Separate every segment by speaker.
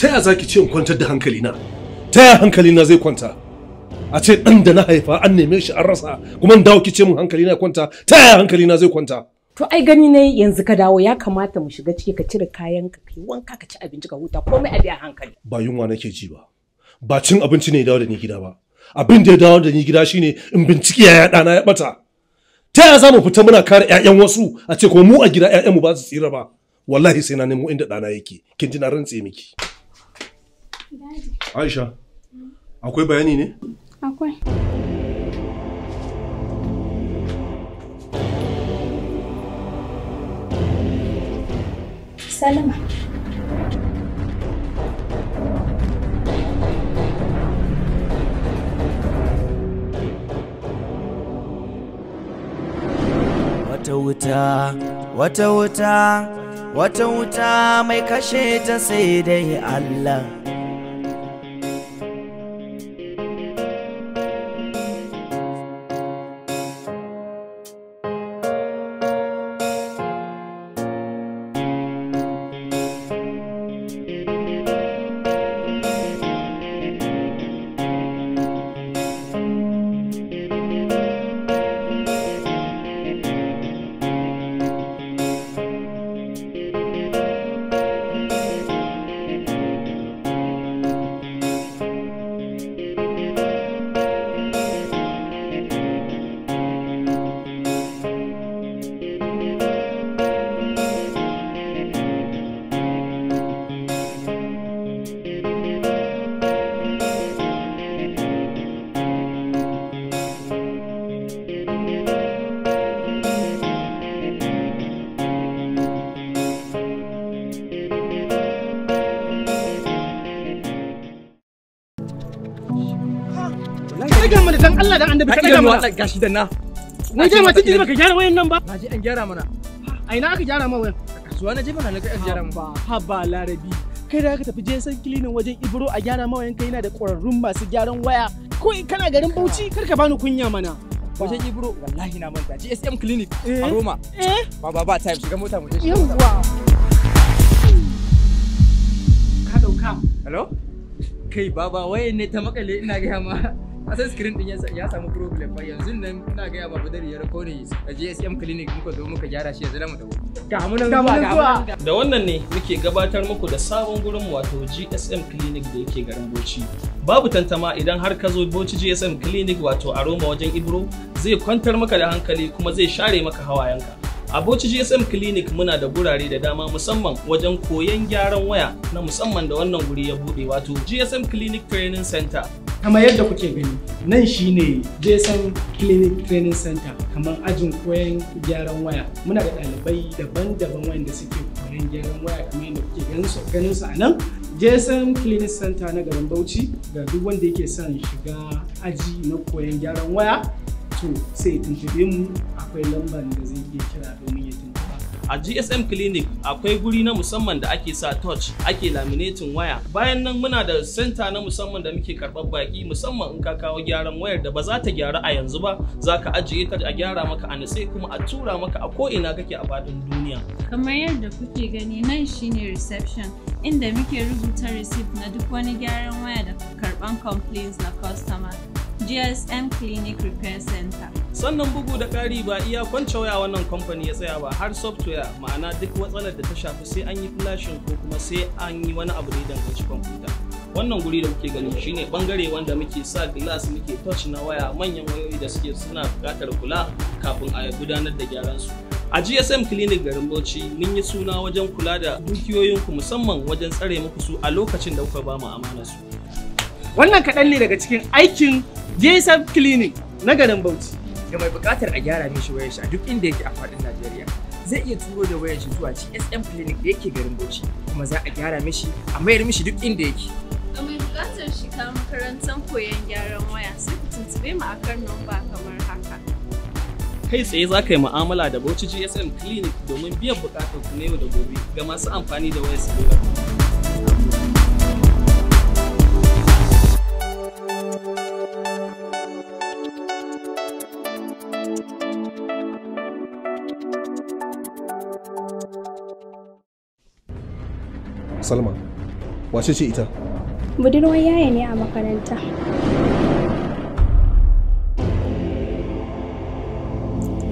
Speaker 1: ta ya zaki ce in kwantar da hankali na ta ya hankali na zai kwanta a ce dan da na haifa an neme shi an rasa kuma in dawo ki ce min hankali na kwanta ta ya hankali na zai kwanta
Speaker 2: to ai gani ne yanzu ka dawo ya kamata mu shiga ciki ka cire kayan ka kai wanka ka ci abinci ka huta komai a biya hankali
Speaker 1: ba yunwa nake ji ba ba cin abinci ne ya dawo da ni gida ba abin da ya dawo da ni gida shine in binciki yaya ɗana ya bata ta yaya za mu fita muna kare 'ya'yan wasu a ce ko mu a gida mu ba su tsira ba wallahi sai na nemo inda ɗana yake kin ji na rantse miki Aisha, akwai bayani ne?
Speaker 3: Akwai. Salama.
Speaker 4: Wata wuta, wata wuta, wata wuta mai kashe ta sai dai Allah.
Speaker 3: gyara mana Allah
Speaker 5: gashi dan na ni dai mace ji baka gyara wayan nan ba na ji an
Speaker 6: gyara mana a ina aka gyara ma wayan kasuwa na je mana na an gyara mana haba larabi kai da aka tafi je san kilinin wajen ibro a gyara ma wayan kai yana da ƙwararrun masu gyaran waya ko kana garin Bauchi kar ka bani kunya mana wajen ibro wallahi na manta gsm clinic eh? a roma eh? ba ba ba time shiga mota mu je yawwa ka dauka hello kai baba waye ne ta makale ina ga ma asan screen din ya samu problem ba yanzu nan ina gaya ba badari ya rako ne a GSM clinic muka zo
Speaker 5: muka gyara shi yanzu na mu
Speaker 7: ga mu zuwa
Speaker 5: da wannan ne muke gabatar muku da sabon gurin wato GSM clinic da yake garin Bauchi babu tantama idan har ka zo Bauchi GSM clinic wato a Roma wajen Ibro zai kwantar maka da hankali kuma zai share maka hawayenka A Bauchi GSM Clinic muna da gurare da dama musamman wajen koyon gyaran waya na musamman da wannan guri ya bude wato GSM Clinic Training Center.
Speaker 7: Kamar yadda kuke
Speaker 5: gani nan shine GSM Clinic Training Center kamar ajin koyon gyaran waya. Muna da ɗalibai daban-daban wanda suke koyon gyaran waya kamar yadda kuke ganin su a nan.
Speaker 6: GSM Clinic Center na garin Bauchi ga duk wanda yake son shiga aji na koyon gyaran waya so sai tuntube mu akwai lambar da zai iya kira
Speaker 7: domin ya tuntuba.
Speaker 5: A GSM Clinic akwai guri na musamman da ake sa touch ake laminating waya. Bayan nan muna da center na musamman da muke karbar baki musamman in ka kawo gyaran wayar da ba za ta gyara a yanzu ba za ka ajiye ta a gyara maka a nutse kuma a tura maka a ko ina kake a faɗin duniya.
Speaker 4: Kamar yadda kuke gani nan shine reception inda muke rubuta receipt na duk wani gyaran waya da karɓan complaints na customer. GSM Clinic Repair Center.
Speaker 5: Sannan bugu da ƙari ba iya kwancewa wannan kamfani ya tsaya ba har software ma'ana duk matsalar da ta shafi sai an yi flashin ko kuma sai an yi wani abu da danganci kwamfuta. Wannan guri da kuke gani shine bangare wanda muke sa glass muke touch na waya manyan wayoyi da suke suna buƙatar kula kafin a gudanar da gyaran su. A GSM Clinic garin Bauchi mun yi suna wajen kula da dukiyoyinku musamman wajen tsare muku
Speaker 6: su a lokacin da kuka ba mu amana su. Wannan kaɗan ne daga cikin aikin JSAP Clinic na garin Bauchi. Ga mai buƙatar a gyara mishi wayar shi a duk inda yake a faɗin Najeriya. Zai iya turo da wayar shi zuwa GSM Clinic da yake garin Bauchi kuma za a gyara mishi a mayar mishi duk inda yake.
Speaker 4: Ga mai buƙatar shiga makarantar koyon gyaran waya sai ku
Speaker 5: tuntuɓe mu kan nomba kamar haka. Kai tsaye za ka yi mu'amala da Bauchi GSM Clinic domin biyan buƙatar ku na yau da gobe ga masu amfani da wayar salula.
Speaker 1: salma wace ce ita
Speaker 5: budurwar yaya ne a makaranta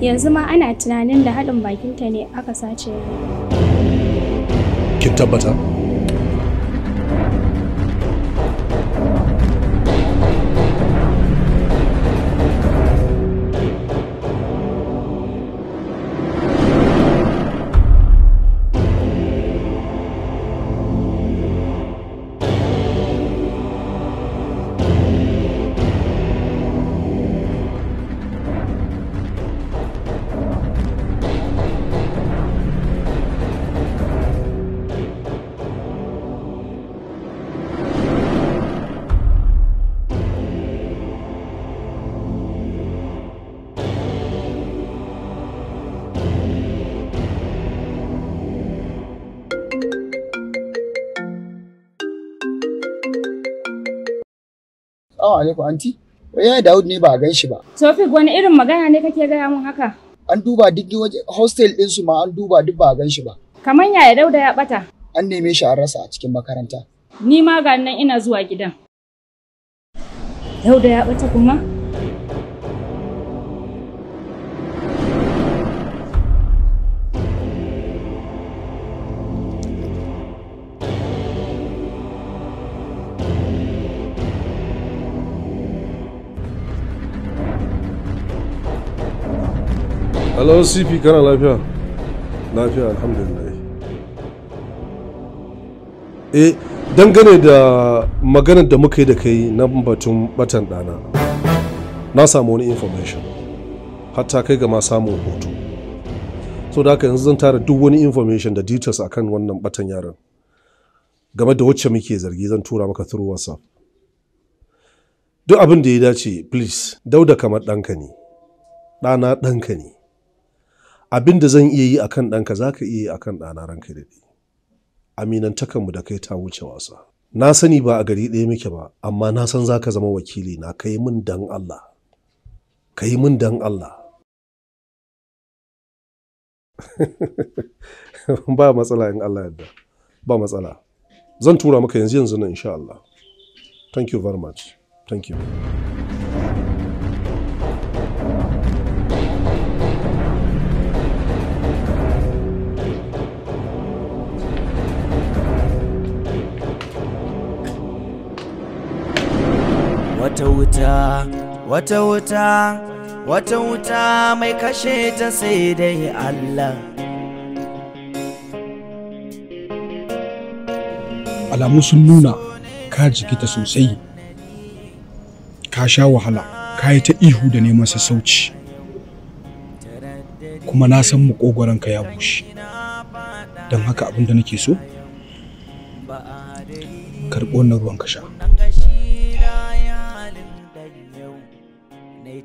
Speaker 5: yanzu ma ana tunanin da haɗin bakinta ne aka sace
Speaker 1: kin tabbata
Speaker 6: alaikum anti yaya eh, Dawud ne ba a gan shi ba Tofik wani irin magana ne kake gaya mun haka an duba duk waje hostel din su ma an duba duk ba a gan shi ba kaman yaya Dauda ya bata an neme shi an rasa a cikin makaranta ni ma ga nan ina zuwa gidan Dauda ya bata kuma
Speaker 1: Hello CP kana lafiya? Lafiya alhamdulillah. Eh dangane da maganar da muka yi da kai na batun batan ɗana. Na samu wani information. Hatta kai ga ma samun hoto. So da haka yanzu zan tara duk wani information da details akan wannan batan yaran Game da wacce muke zargi zan tura maka through WhatsApp. Duk abin da ya dace please dauda kamar ɗanka ne. Ɗana ɗanka ne. abin da zan iya yi a kan ɗanka za ka iya yi kan ɗana ranka da ɗi aminantakanmu da kai ta wuce wasa na sani ba a gari ɗaya muke ba amma na san za ka zama wakili na ka yi min dan Allah ka yi min dan Allah ba matsala in Allah yadda ba matsala zan tura maka yanzu yanzu na insha Allah thank you very much thank you
Speaker 4: wata wuta wata wuta wata wuta mai kashe ta sai dai Allah
Speaker 7: alamu sun nuna ka jikita sosai ka sha wahala ka yi ta ihu da neman sassauci kuma na san makogoranka ya bushe don haka abin da nake so karɓo wannan ruwan ka sha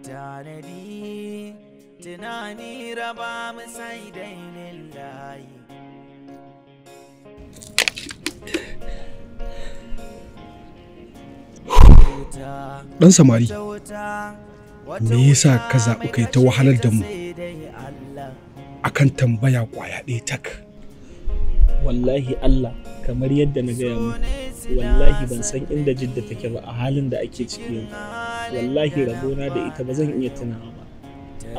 Speaker 4: tanadi tunani raba mu sai dainin layi
Speaker 7: ɗan samari me yasa ka zaɓi kai ta wahalar da mu akan tambaya kwaya ɗaya tak
Speaker 5: wallahi Allah kamar yadda na gaya mu wallahi ban san inda jidda take ba a halin da ake ciki yanzu wallahi rabona da ita ba zan iya tunawa ba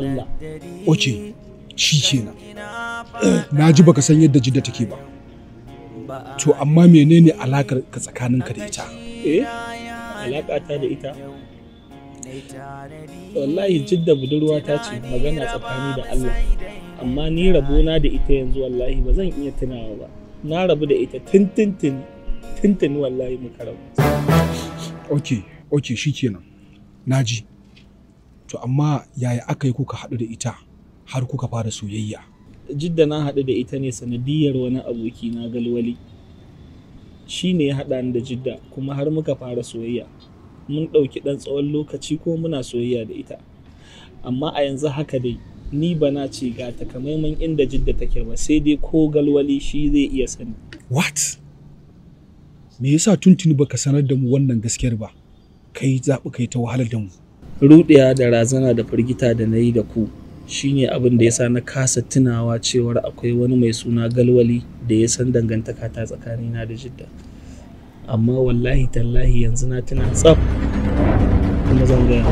Speaker 7: Allah oke shi kenan na ji baka san yadda jidda take ba to amma menene alakar ka tsakaninka da ita
Speaker 5: eh alaka ta da ita wallahi jidda budurwa ta ce magana tsakani da Allah amma ni rabona da ita yanzu wallahi ba zan iya tunawa ba na rabu da ita tintin tintin wallahi mu karabu.
Speaker 7: ok ok shikenan naji to amma yaya aka yi kuka haɗu da ita har kuka fara soyayya
Speaker 5: jidda na haɗu da ita ne sanadiyar wani aboki na galwali shi ne ya haɗa ni da jidda kuma har muka fara soyayya mun ɗauki ɗan tsawon lokaci ko muna soyayya da ita amma a yanzu haka dai ni bana ce ga takamaiman inda jidda take ba sai dai ko galwali shi zai iya sani
Speaker 7: what me yasa tuntuni baka sanar da mu wannan gaskiyar ba kai zaɓi kai ta wahalar da mu
Speaker 5: Ruɗiya da razana da firgita da na yi da ku shi ne abin da ya sa na kasa tunawa cewar akwai wani mai suna galwali da ya san dangantaka ta tsakanina da jidda amma wallahi tallahi yanzu na tuna tsaf kuma zan gaya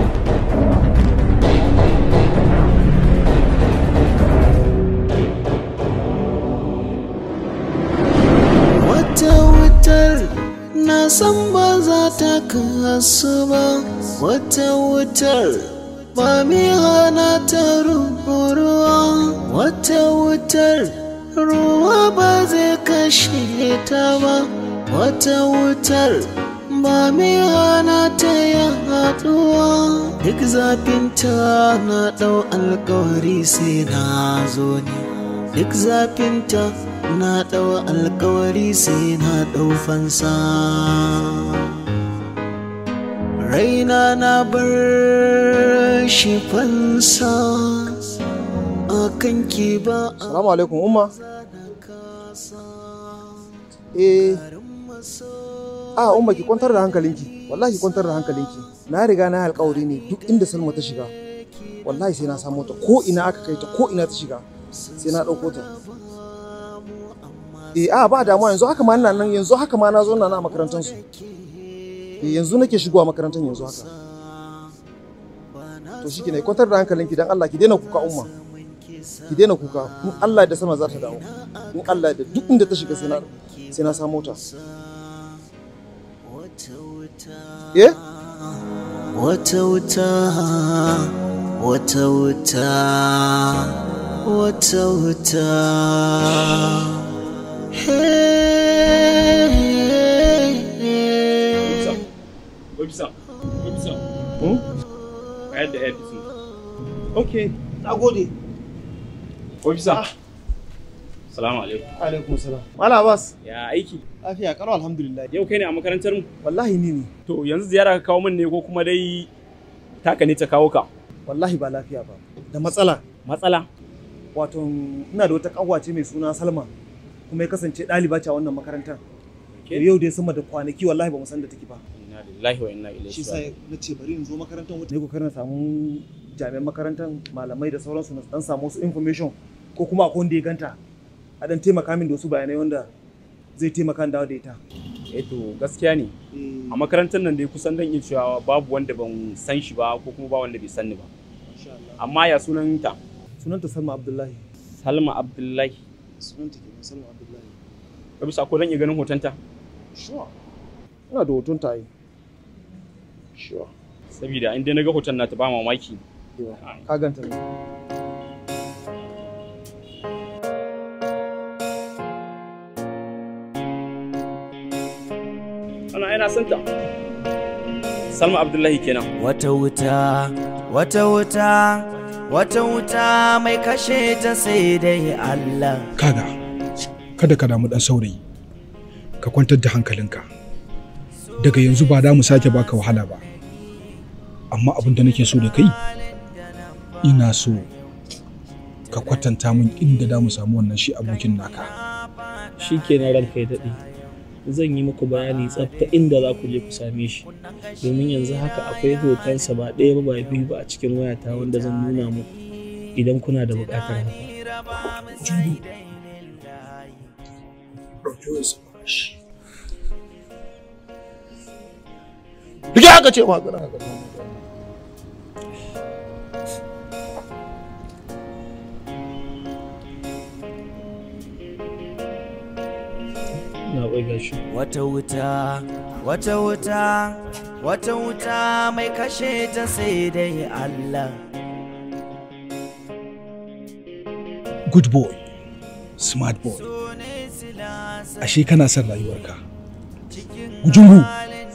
Speaker 4: san ba za ta kasu ba wata wutar ba mai hana ta ruwa wata wutar ruwa ba zai kashe ta ba wata wutar ba mai hana ta yi haduwa. duk zafin ta na ɗau alkawari sai na zo ne duk zafin ta. na ɗawa alkawari sai na ɗau fansa raina na bar shi fansa a kan ki ba
Speaker 2: salamu alaikum umma eh a ah, umma ki kwantar da hankalinki wallahi kwantar da hankalinki na riga na alkawari ne duk inda salma ta shiga wallahi sai na samu ta ko ina aka kai ta ko ina ta shiga sai na ɗauko ta Eh, a ah, ba damuwa yanzu haka ma ina nan yanzu haka ma na zo na na makarantar su eh yanzu nake shigowa makarantar yanzu haka to shi ne kwantar da ki dan Allah ki daina kuka umma ki daina kuka in Allah da sama za ta dawo in Allah da duk inda ta shiga sai na sai na samu ta
Speaker 4: eh wata wuta wata wuta wata wuta
Speaker 2: Officer,
Speaker 5: Salamu Abbas. Ya aiki. Lafiya karo alhamdulillah. Yau kai ne a makarantar mu? Wallahi ni ne. To yanzu ziyara ka kawo min ne ko kuma dai taka ne ta kawo ka?
Speaker 2: Wallahi ba lafiya ba. Da matsala. Matsala? Wato ina da wata kawace mai suna Salma. kuma ya kasance ɗaliba ce a wannan makarantar yau dai sama da kwanaki wallahi ba mu san da take ba shi sai na ce bari in zo makarantar wata ne na samu jami'an makarantar malamai da sauransu na dan samu wasu information ko kuma akwai wanda ya ganta a dan taimaka min da wasu bayanai wanda zai taimaka da da ita
Speaker 5: eto eh gaskiya ne eh. a makarantar nan dai kusan dan iya cewa babu wanda ban san shi ba ko kuma ba wanda bai san ni ba amma ya sunanta
Speaker 2: sunanta Salma Abdullahi
Speaker 5: Salma Abdullahi sunanta ke Salma Abdullahi ka bisa ko zan iya ganin hotonta sure ina da hoton ta yi sure saboda in dai na ga hoton na
Speaker 6: ta ba mamaki ka ganta ne
Speaker 5: ana yana santa Salma Abdullahi kenan
Speaker 4: wata wuta wata wuta wata wuta mai kashe ta sai dai
Speaker 7: Allah kaga kada ka damu dan saurayi ka kwantar da hankalinka daga yanzu ba da mu sake baka wahala ba amma abin da nake so da kai ina so ka kwatanta min inda da mu samu wannan shi abokin naka
Speaker 5: shi na ranka ya daɗe zan yi muku bayani tsafta inda za ku je ku same shi domin yanzu haka akwai hotonsa ba ɗaya ba biyu ba a cikin wayata wanda zan nuna muku idan kuna da buƙatar haka
Speaker 7: ɗauki wasu bashi duk
Speaker 2: haka ce ma kana haka
Speaker 4: Wata wuta, wata wuta, wata wuta mai kashe ta sai dai Allah.
Speaker 7: Good boy, smart boy. ashe kana son rayuwarka gujungu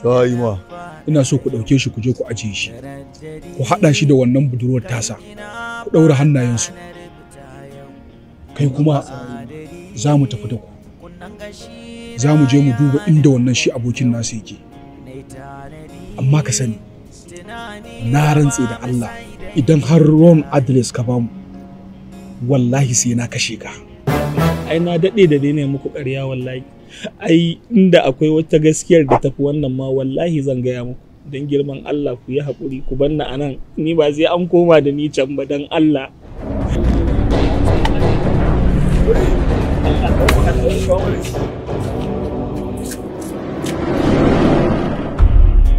Speaker 7: sa'ima ina so ku ɗauke shi ku je ku ajiye shi ku haɗa shi da wannan budurwar tasa ku ɗaura hannayensu kai kuma za mu tafi da ku za mu je mu duba inda wannan shi abokin nasu yake amma ka sani na rantse da Allah idan har ron adres ka bamu wallahi sai na kashe ka.
Speaker 5: ai na daɗe da dai ne muku ƙarya wallahi ai inda akwai wata gaskiyar da tafi wannan ma wallahi zan gaya muku don girman Allah ku yi haƙuri ku banna a nan ni ba zai an koma da ni can ba don Allah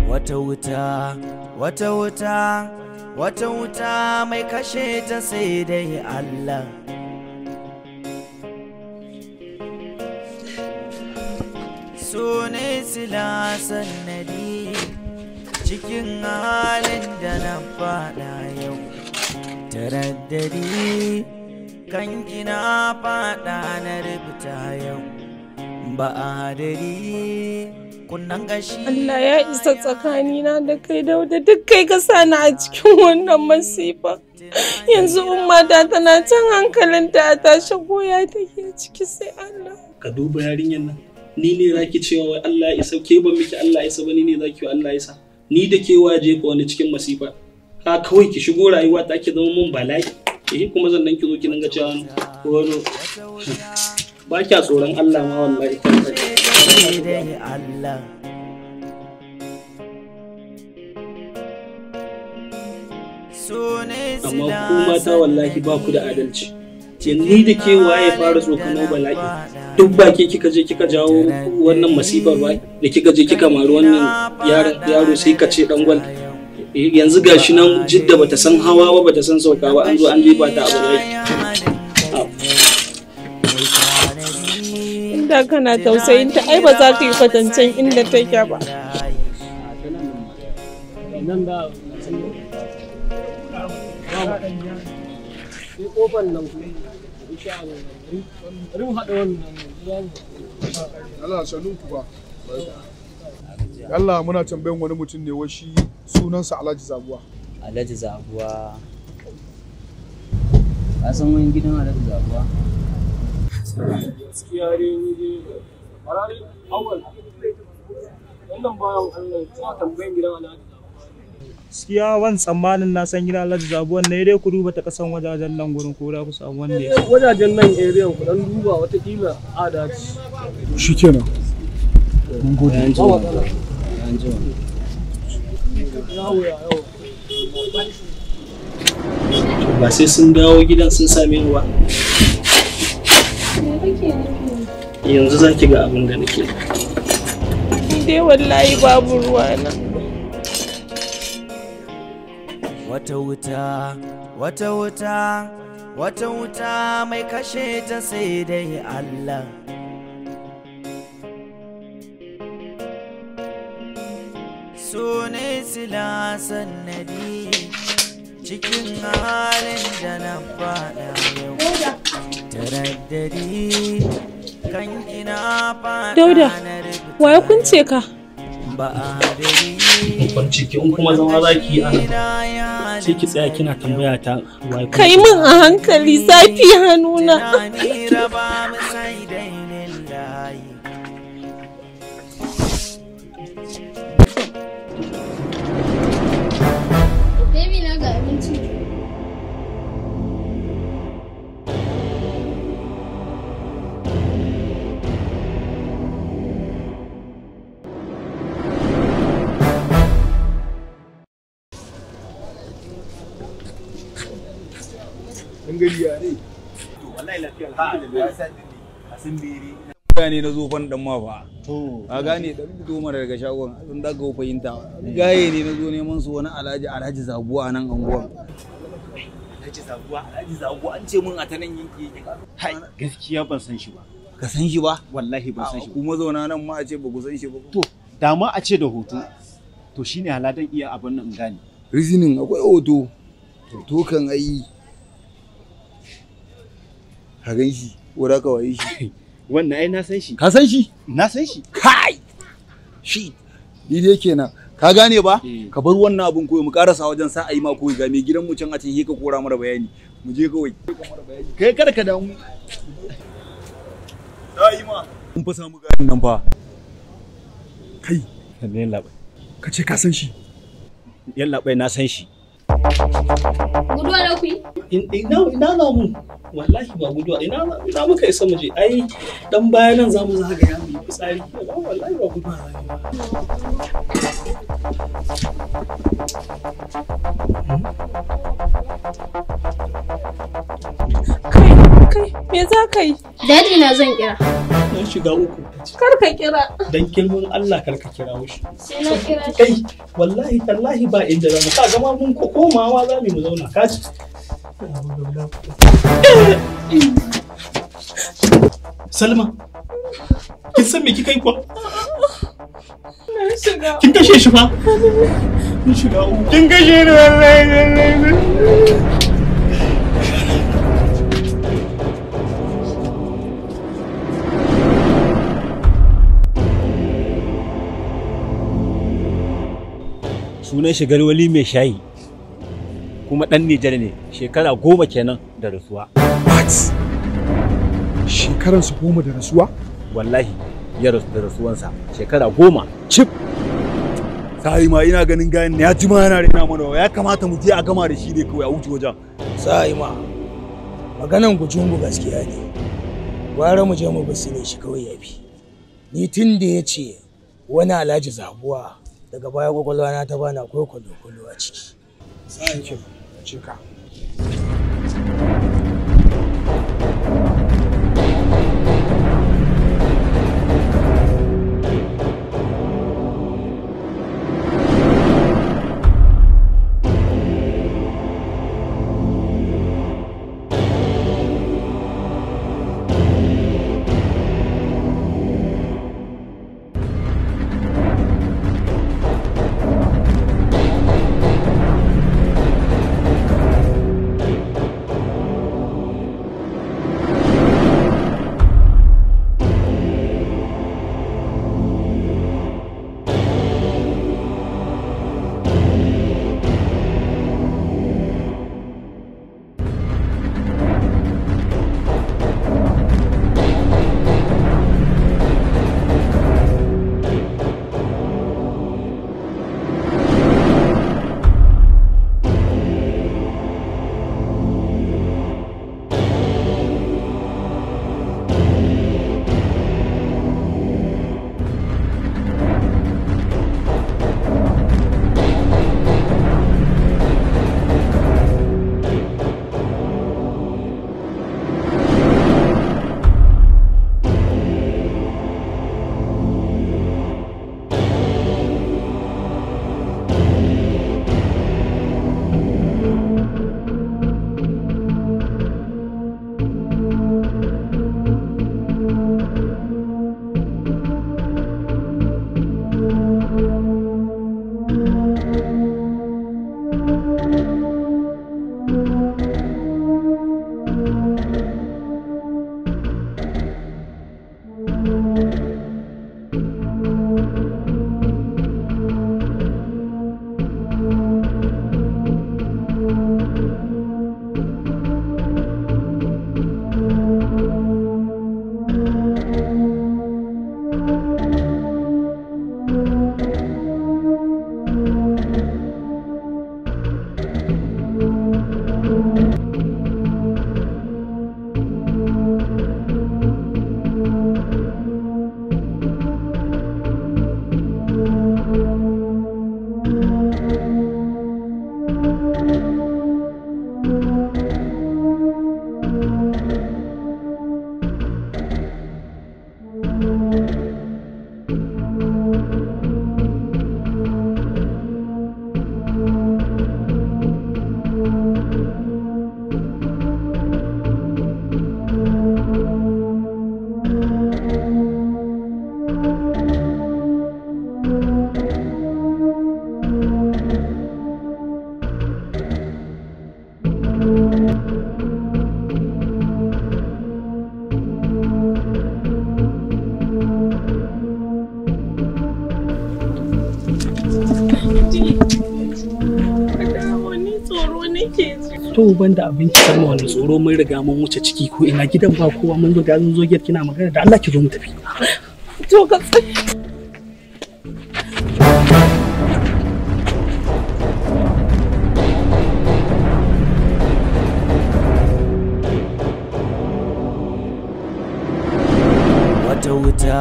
Speaker 4: wata wuta wata wuta wata wuta mai kashe ta sai dai Allah so ne sila sannadi cikin halin da na fada yau taraddadi kan kina fada na rubuta yau ba a hadari kunnan gashi
Speaker 5: Allah ya isa tsakanina da kai dauda duk kai ka sani a cikin wannan masifa yanzu umma da tana can hankalinta a tashi goya take ciki sai Allah ka duba yarinyar nan ni ne ki cewa wai Allah ya isa ke ban miki Allah ya isa ba ni ne ki wa Allah ya isa ni da ke wa jefa wani cikin masifa ha kawai ki shigo rayuwa ta ke zama mun bala'i eh kuma zan ki zo ki dinga cewa wani ba kya tsoron Allah ma wallahi Allah
Speaker 4: amma ku mata
Speaker 5: wallahi ba ku da adalci ce ni da ke waye fara tsokanar bala'i duk ba ke kika je kika jawo wannan masifar ba da kika je kika maru wannan yaro sai ka ce dan gwal yanzu gashi nan jidda bata san hawa ba bata san sauka ba an zo an jefa ta abu rai. inda kana tausayin ta ai ba za ta yi fatancen inda take ba.
Speaker 7: shi kofar nan insha Allah bari mu haɗa wannan Allah sanu ku ba Allah muna tambayan wani mutum ne washi sunansa Alhaji Zabuwa Alhaji Zabuwa ka san wani gidan Alhaji Zabuwa
Speaker 5: gaskiya dai ni dai barari awal wannan bayan Allah ta tambayan gidan Alhaji gaskiya wan tsammanin na san gidan Alhaji Zabuwan ne dai ku duba ta kasan wajajen nan gurin ko da ku samu wanda ya eh, wajajen nan area ku dan duba wata kila adaci
Speaker 7: shikenan mun gode
Speaker 5: ba sai sun dawo gidan sun same ni ba yanzu za ki ga abin da nake dai wallahi babu ruwa na
Speaker 4: wata wuta wata wuta wata wuta mai kashe ta sai dai Allah so ne silasan nadi cikin halin da na fada yau
Speaker 5: taraddadi
Speaker 3: kan kina
Speaker 4: fada na
Speaker 3: rubuta
Speaker 5: ba a dari kwan ciki in kuma zama za ki ana sai ki tsaya kina tambaya ta kai
Speaker 3: min a hankali zafi hannuna
Speaker 6: ne na zofan dan ma fa a gane dan fito mana daga shagon sun daga ga fahimta gaye ne na zo neman su wani alhaji alhaji zabuwa nan anguwan alhaji zabuwa alhaji zabuwa an ce mun a ta nan yanki Hai, gaskiya ban san shi ba ka san shi ba wallahi ban san shi kuma zauna nan ma a ce ba ku san shi ba to da ma a ce da hoto to shine haladan iya abin nan gane reasoning akwai hoto to kan ai ka gan shi ko da ka waye shi Wannan ai na san shi. Ka san shi? Na san shi. Kai! Shi ni dai kenan. Ka gane ba? Eh. Ka bar wannan abun koyo mu karasa wajen sa ayi ma koyi ga mai gidan mu can a can ka kora mana bayani. Mu je kawai. Kai kada ka damu. Da'i ma.
Speaker 2: Mun fa samu garin nan fa.
Speaker 5: Kai. Kalle labai. Ka ce ka san shi. Yallaɓai na san shi. Guduwa da kuyi? Ina na mu. Wallahi ba guduwa. Ina muka isa mu je. Ai dan baya nan za mu zagaya mu yi fitsari. Wallahi ba guduwa za mu ba. Hmm? kai? Me za ka yi? Dadi na zan kira. Na shiga uku. Kar ka kira. Dan kilmin Allah kar ka kira shi. Sai na kira. Kai, wallahi tallahi ba inda za mu ka gama mun ko komawa za mu zauna ka ci. Salma, kin san me kika yi kuwa? Kin kashe shi fa? Kin shiga uku. Kin kashe ni wallahi wallahi.
Speaker 6: sunan shi galwali mai shayi kuma ɗan Nijar ne shekara goma kenan da rasuwa. What?
Speaker 7: Shekaran su goma da rasuwa? Wallahi ya rasu da rasuwansa shekara goma cif. Sa'i ma ina ganin gayan ne ya ji ma yana rena mana ya kamata mu je a
Speaker 6: gama da shi ne kawai a wuce wajen. Sa'i ma maganan gujungu gaskiya ne. Gwara mu je mu basu ne shi kawai ya bi. Ni tun da ya ce wani
Speaker 7: alhaji zabuwa daga baya kwakwalwa na ta bani akwai kwalo-kwalo a ciki. Thank
Speaker 5: to banda abinci kan wani tsoro mun riga mun wuce ciki ko ina gidan ba kowa mun zo zan zo gidan kina magana da Allah ki zo mu tafi
Speaker 3: to ka
Speaker 4: Wata wuta,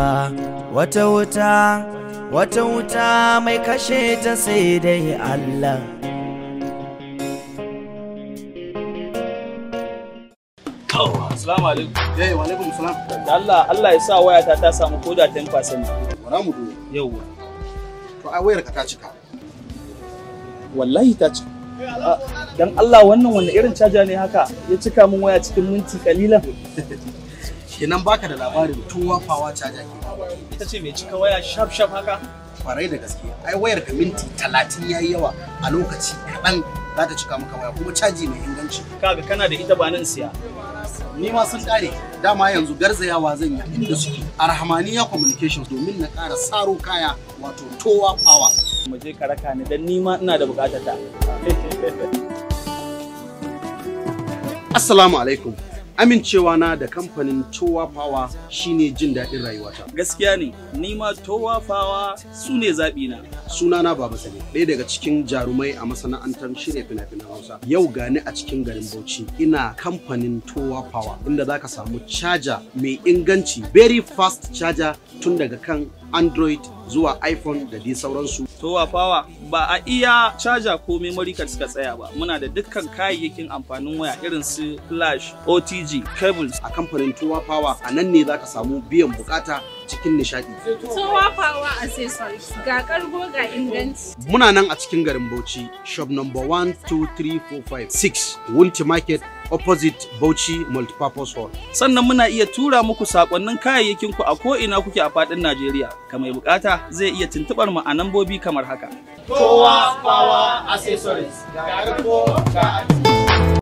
Speaker 4: wata wuta, wata wuta mai kashe ta sai dai Allah.
Speaker 5: Assalamu alaikum. Eh, wa alaikum salam. Da Allah, Allah ya sa wayata ta samu koda 10%. Wana mu duba. Yawwa. To ai wayarka ta cika.
Speaker 7: Wallahi ta cika.
Speaker 5: Ah, dan Allah wannan wani irin caja ne haka ya cika min waya cikin minti kalilan.
Speaker 6: Kenan baka da labarin tuwa fawa caja ke. Ita ce mai cika waya shaf shaf haka? Kwarai da gaske. Ai wayar ka minti talatin ya yi yawa a lokaci kaɗan za ta cika maka waya kuma caji mai inganci. Kaga kana da ita ba nan siya. ni ma sun kare dama yanzu garzayawa zan yi inda suke a rahmaniya communications domin na kara saro kaya wato towa power mu je karaka ne dan ni ma ina da bukatar ta assalamu alaikum amincewa na da kamfanin towa fawa shine jin daɗin rayuwata gaskiya ne ni ma towa fawa su ne zaɓi na sunana baba sani ɗaya daga cikin jarumai a masana'antar shirya fina-finan hausa yau gani a cikin garin bauchi ina kamfanin towa fawa inda zaka samu caja mai inganci very fast caja tun daga kan android zuwa iphone da dai sauransu to fawa ba a iya caja ko memory card suka tsaya ba muna da dukkan kayayyakin amfanin waya irin su flash otg cables a kamfanin tuwa fawa a nan ne zaka samu biyan bukata cikin nishadi tuwa fawa accessories ga kargo ga inganci muna nan a cikin garin bauchi shop number 1 2 6 wulti market opposite Bauchi Multipurpose Hall. Sannan muna iya
Speaker 5: tura muku sakonnin kayayyakin ku a ko ina kuke a faɗin Najeriya. Ka mai bukata zai iya tuntubar mu a nambobi kamar haka.
Speaker 6: Kowa Power Accessories. Ga ga